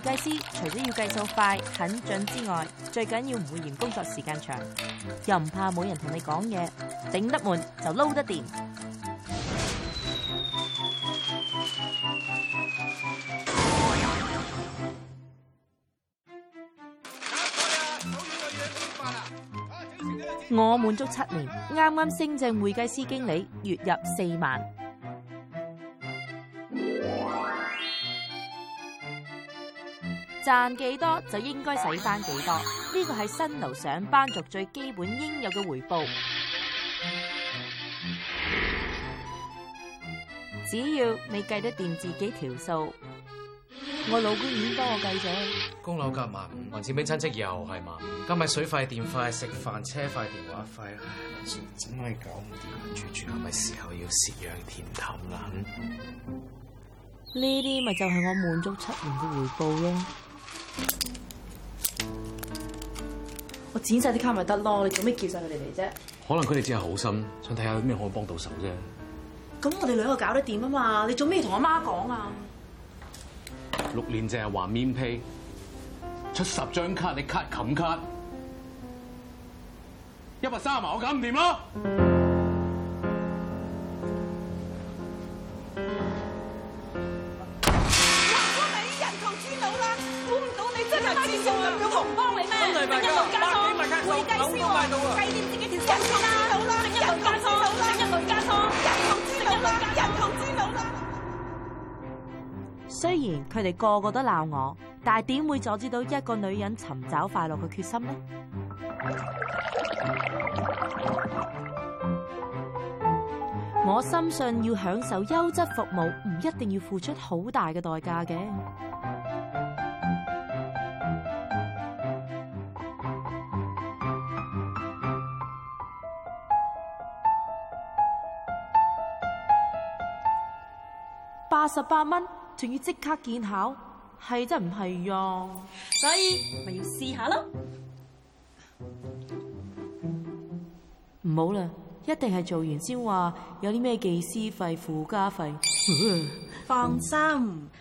會計師除咗要計數快、很準之外，最緊要唔會嫌工作時間長，又唔怕冇人同你講嘢，頂得悶就撈得掂。我滿足七年，啱啱升正會計師經理，月入四萬。賺幾多就應該使翻幾多，呢個係新樓上班族最基本應有嘅回報。嗯嗯、只要你計得掂自己條數，我老公已經幫我計咗。供樓夾埋，還錢俾親戚又係埋，加埋水費、電費、食飯、車費、電話費，唉，真係講唔掂啊！住住係咪時候要食羊甜頭啊？呢啲咪就係我滿足七年嘅回報咯。我剪晒啲卡咪得咯，你做咩叫晒佢哋嚟啫？可能佢哋只係好心想睇下有咩可以幫到手啫。咁我哋兩個搞得掂啊嘛，你做咩同阿媽講啊？六年淨係還 min pay，出十張卡你卡冚卡，一百三十萬我搞唔掂啊！啲同幫嚟咩？一累加倉，會計師計掂自己條筋啦，好啦，一累加倉，好啦，一累加倉，人同之路啦、啊，人同之路啦、啊。雖然佢哋個個都鬧我，但係點會阻止到一個女人尋找快樂嘅決心呢？我深信要享受優質服務，唔一定要付出好大嘅代價嘅。八十八蚊，仲要即刻見效，係真唔係呀？所以咪要試下咯。唔好啦，一定係做完先話有啲咩技師費、附加費。 放心，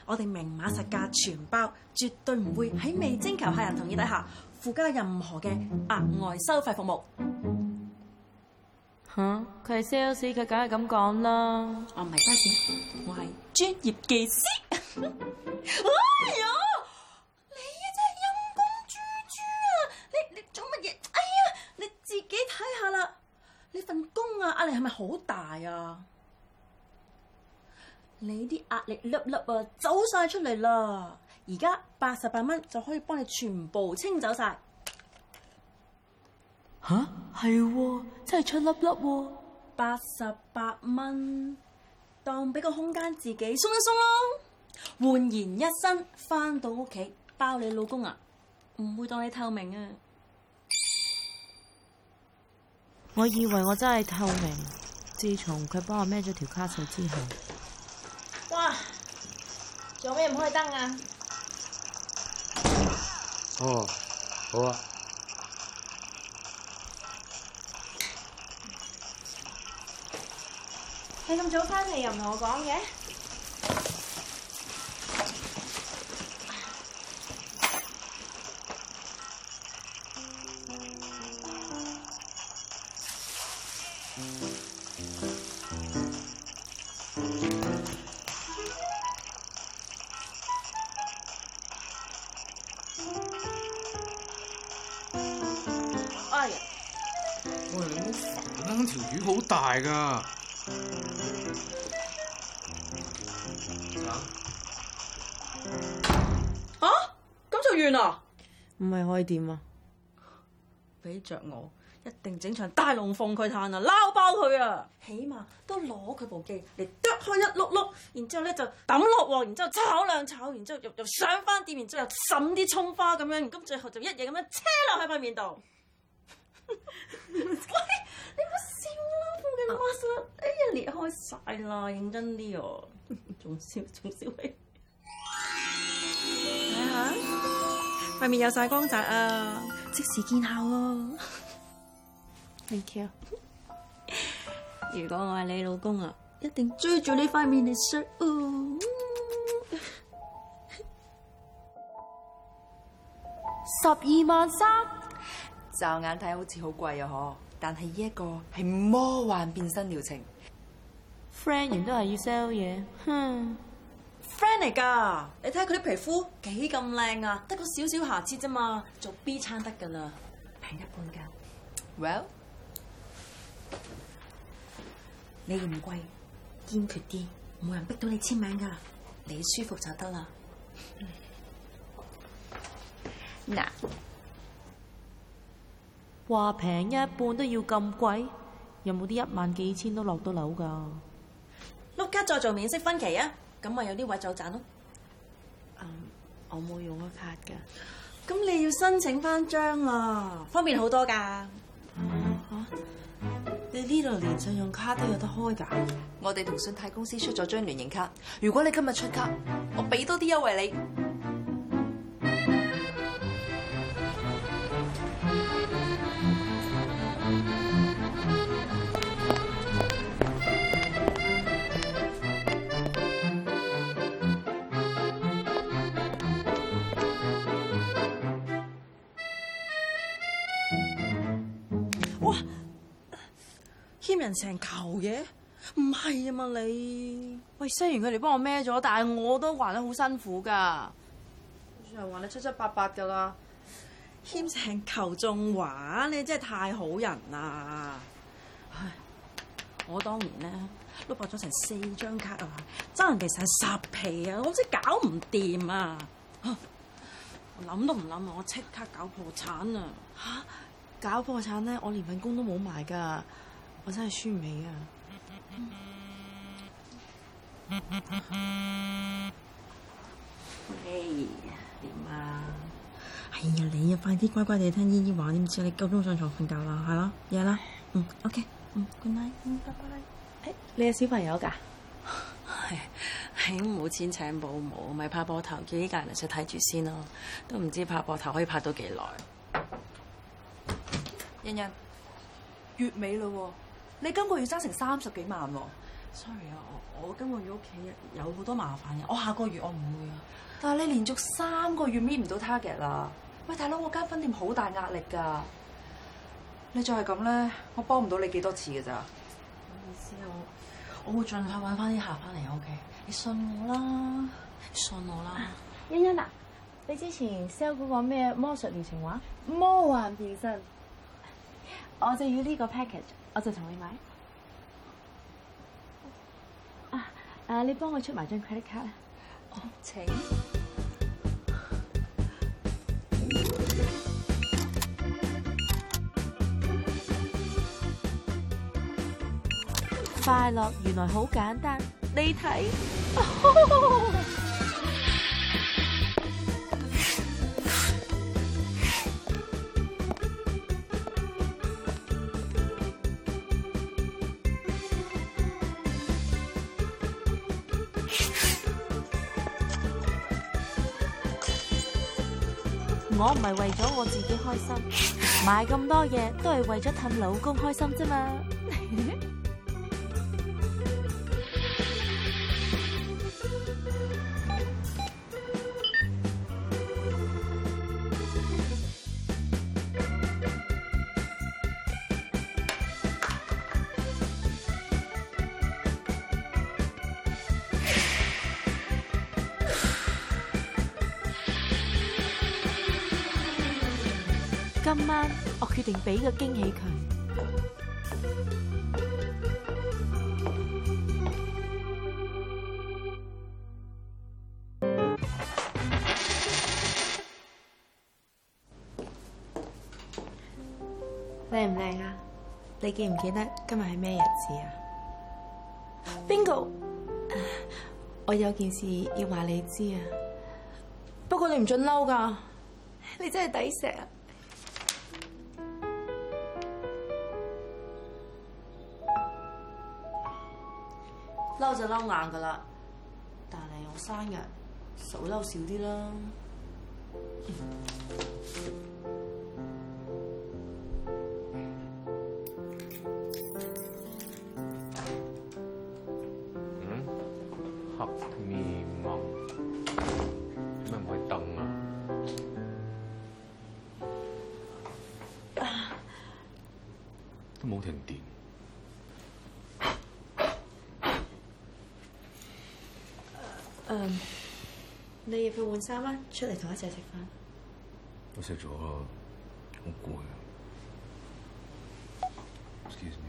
我哋明碼實價全包，絕對唔會喺未徵求客人同意底下附加任何嘅額外收費服務。佢係 sales，佢梗係咁講啦。我唔係 s a 我係專業技師。 哎呀，你真係陰公豬豬啊！你你做乜嘢？哎呀，你自己睇下啦，你份工啊，壓力係咪好大啊？你啲壓力粒粒啊，走晒出嚟啦！而家八十八蚊就可以幫你全部清走晒。吓、啊？係、啊，真係出粒粒喎，八十八蚊，當俾個空間自己鬆一鬆咯，煥然一新，翻到屋企包你老公啊，唔會當你透明啊， 我以為我真係透明，自從佢幫我孭咗條卡數之後， 哇，做咩唔開燈啊？哦，好啊。你咁早返嚟又唔同我講嘅。啊，咁就完啦？唔係可以點啊？俾着我，一定整場大龍鳳佢嘆啊，撈爆佢啊！起碼都攞佢部機嚟剁開一碌碌，然之後咧就抌落鑊，然之後，然後炒兩炒，然之後，後又又上翻碟，然之後又揼啲葱花咁樣，然之後最後就一嘢咁樣車落喺塊面度。 喂！你唔好笑啦，附近嘅馬殺，哎呀裂開晒啦！認真啲哦～仲笑，仲笑。你，睇下塊面有晒光澤啊！即時見效啊。Thank you。如果我係你老公啊，一定追住呢塊面嚟衰哦。 十二萬三，驟眼睇好似好貴啊嗬，但係呢一個係魔幻變身療程。我啲 friend 人都係要 sell 嘢。哼，friend 嚟噶，你睇下佢啲皮膚幾咁靚啊，得個少少瑕疵啫嘛，做 B 餐得噶啦，平一半噶。Well，、嗯、你唔貴，堅決啲，冇人逼到你簽名噶，你舒服就得啦。嗱、嗯，話平一半都要咁貴，有冇啲一萬幾千都落到樓噶？而家再做免息分期啊，咁咪、um, 有啲位就賺咯。嗯，我冇用過卡噶。咁你要申請翻張啊，方便好多噶。吓，uh, uh, Yeah. 你呢度連信用卡都有得開噶？我哋同信泰公司出咗張聯營卡，如果你今日出卡，我俾多啲優惠你。欠人成球嘅，唔係啊嘛？你喂，雖然佢哋幫我孭咗，但係我都還得好辛苦噶。佢仲還得七七八八噶啦，欠成球仲還,還玩，你真係太好人啦。我當年呢，碌爆咗成四張卡啊，爭人其實係十皮啊，我真係搞唔掂啊！我諗都唔諗，我即刻搞破產啊！吓搞破產咧，我連份工都冇埋噶。我真係舒美啊！哎呀、hey,，點啊？哎呀，你啊，快啲乖乖哋聽姨姨話，點知你夠鐘上床瞓覺啦？係咯，夜啦，嗯，OK，嗯、mm,，good night，嗯，拜拜。你係小朋友噶？係、哎，係、哎、冇錢請保姆，咪拍膊頭，叫啲隔籬出睇住先咯。都唔知拍膊頭可以拍到幾耐。欣欣，月尾咯喎！你今個月爭成三十幾萬喎？Sorry 啊，我我今個月屋企有好多麻煩嘅，我下個月我唔會啊。但係你連續三個月搣唔到 target 啦。喂，大佬，我間分店好大壓力噶，你再係咁咧，我幫唔到你幾多次嘅咋？意思我，我會盡快揾翻啲客翻嚟。O、okay? K，你信我啦，你信我啦、啊。欣欣啊，你之前 sell 嗰個咩魔術連情話？魔幻變身，我就要呢個 package。我就同你買啊！誒，你幫我出埋張 credit card 啦。請。快樂原來好簡單，你睇。我唔係為咗我自己開心，買咁多嘢都係為咗氹老公開心啫嘛。今晚我決定俾個驚喜佢，靚唔靚啊？你記唔記得今日係咩日子啊？Bingo， 我有件事要話你知啊，不過你唔准嬲噶，你真係抵錫啊！嬲就嬲硬㗎喇，但係我生日，就會嬲少啲啦。嗯嗯、你入去換衫啦，出嚟同我一齊食飯。我食咗啦，好攰啊。Excuse me。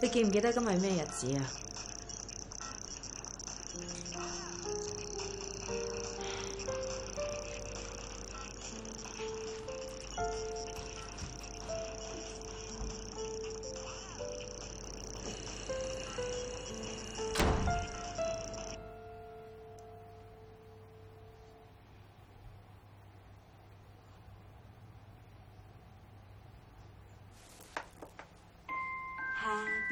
你記唔記得今日咩日子啊？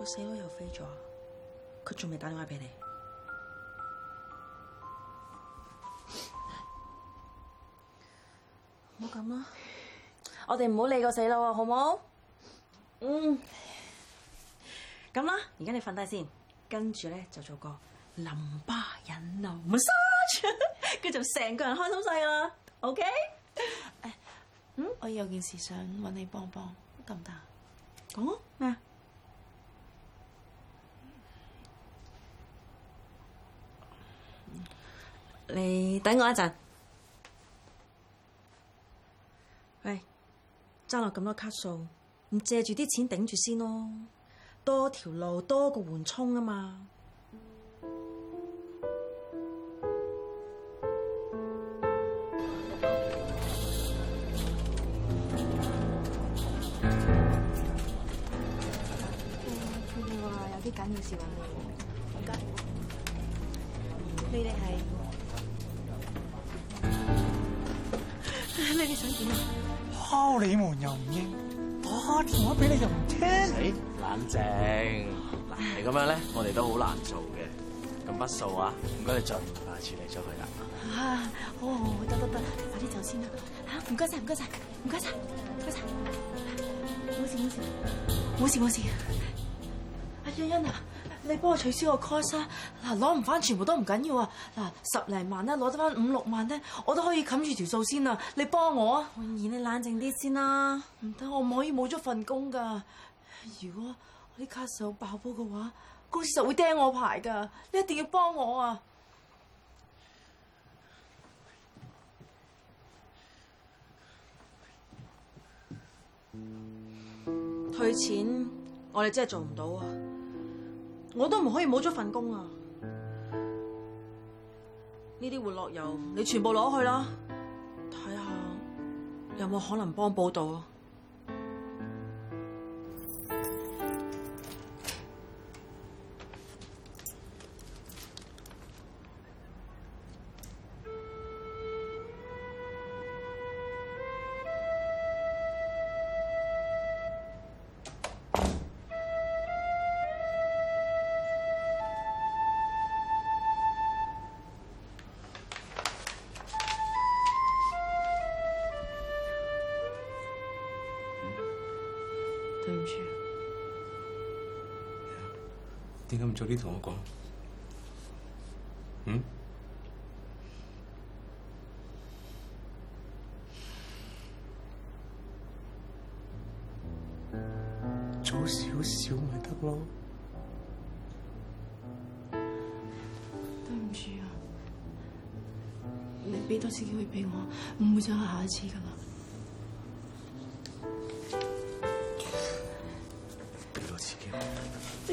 個死佬又飛咗，佢仲未打電話俾你。唔好咁啦，我哋唔好理個死佬啊，好唔好？嗯，咁啦，而家你瞓低先，跟住咧就做個淋巴引流 massage，佢就成個人開心晒啦。OK？誒，嗯、哎，我有件事想搵你幫幫，得唔得？講咩啊？你等我一陣。喂，爭落咁多卡數，唔借住啲錢頂住先咯，多條路多個緩衝啊嘛。哇、嗯，有啲緊要事啊，唔該，你哋係。你哋想點啊？敲你門又唔應，我、oh, 電話俾你又唔聽。哎、欸，冷靜，嗱，你咁樣咧，我哋都好難做嘅。咁不數啊，唔該你盡快處理咗佢啦。好，得得得，快啲走先啦。吓，唔該晒，唔該晒，唔該晒，唔該晒，冇事冇事，冇事冇事。阿欣欣啊！你幫我取消個 course 嗱，攞唔翻全部都唔緊要啊，嗱，十零萬咧，攞得翻五六萬咧，我都可以冚住條數先啊。你幫我啊，詠妍！你冷靜啲先啦。唔得，我唔可以冇咗份工噶。如果我啲卡數爆煲嘅話，公司就會釘我牌噶。你一定要幫我啊！ 退錢，我哋真係做唔到啊！我都唔可以冇咗份工啊！呢啲活絡油你全部攞去啦，睇下有冇可能幫補到。點解唔早啲同我講？嗯？早少少咪得咯。對唔住啊，你俾多次機會俾我，唔會再有下一次㗎啦。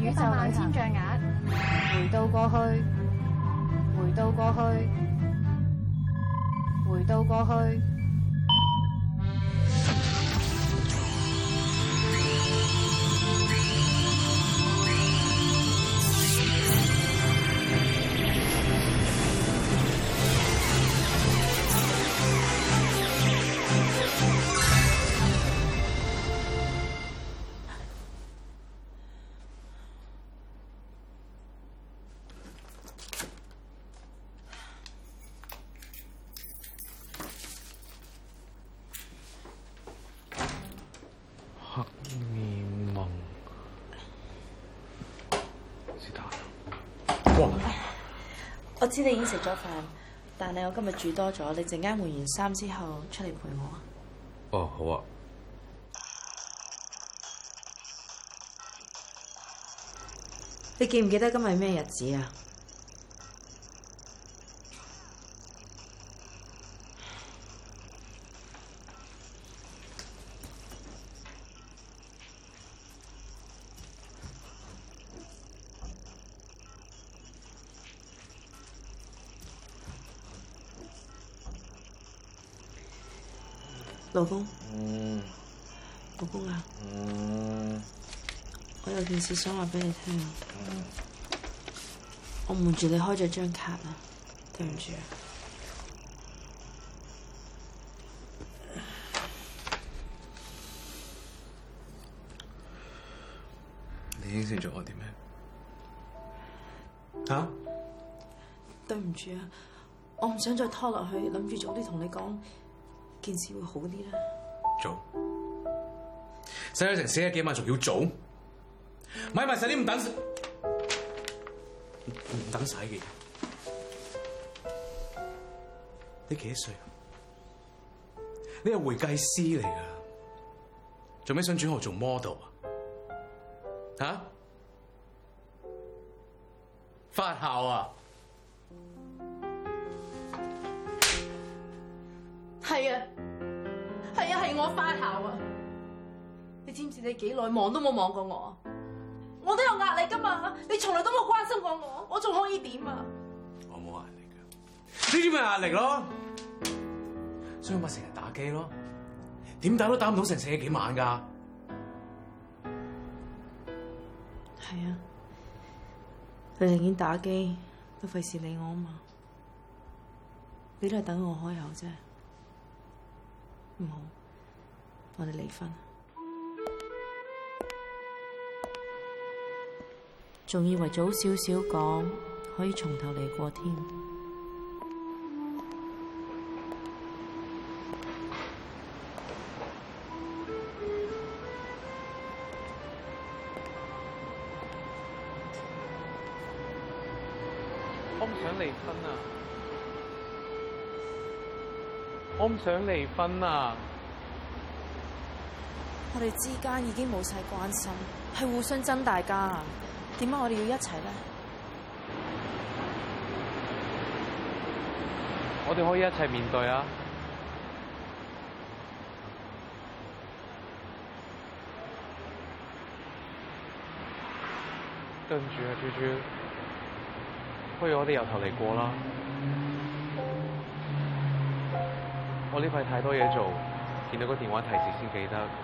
宇宙萬千象眼， 回到過去，回到過去，回到過去。我知你已經食咗飯，但係我今日煮多咗，你陣間換完衫之後出嚟陪我啊！哦，好啊！你記唔記得今日係咩日子啊？老公，嗯、老公啊，嗯、我有件事想話俾你聽，嗯、我瞞住你開咗張卡啊，對唔住，你應承咗我啲咩？啊？對唔住啊，我唔想再拖落去，諗住早啲同你講。件事會好啲啦，做死咗成四十幾萬，仲要做，買埋晒你唔等唔等晒嘅。你幾多歲？你係會計師嚟㗎，做咩想轉行做 model 啊？吓，發姣啊？係啊。我返校啊！你知唔知你幾耐望都冇望過我？我都有壓力噶嘛！你從來都冇關心過我，我仲可以點啊？我冇壓力噶，呢啲咪壓力咯，所以咪成日打機咯，點打都打唔到成四幾萬噶。係啊，你寧願打機都費事理我啊嘛，你都係等我開口啫，唔好。我哋離婚，仲以為早少少講可以從頭嚟過添。我唔想離婚啊！我唔想離婚啊！我哋之間已經冇晒關心，係互相爭大家啊！點解我哋要一齊咧？我哋可以一齊面對啊！對唔住啊，珠珠，不如我哋由頭嚟過啦。我呢排太多嘢做，見到個電話提示先記得。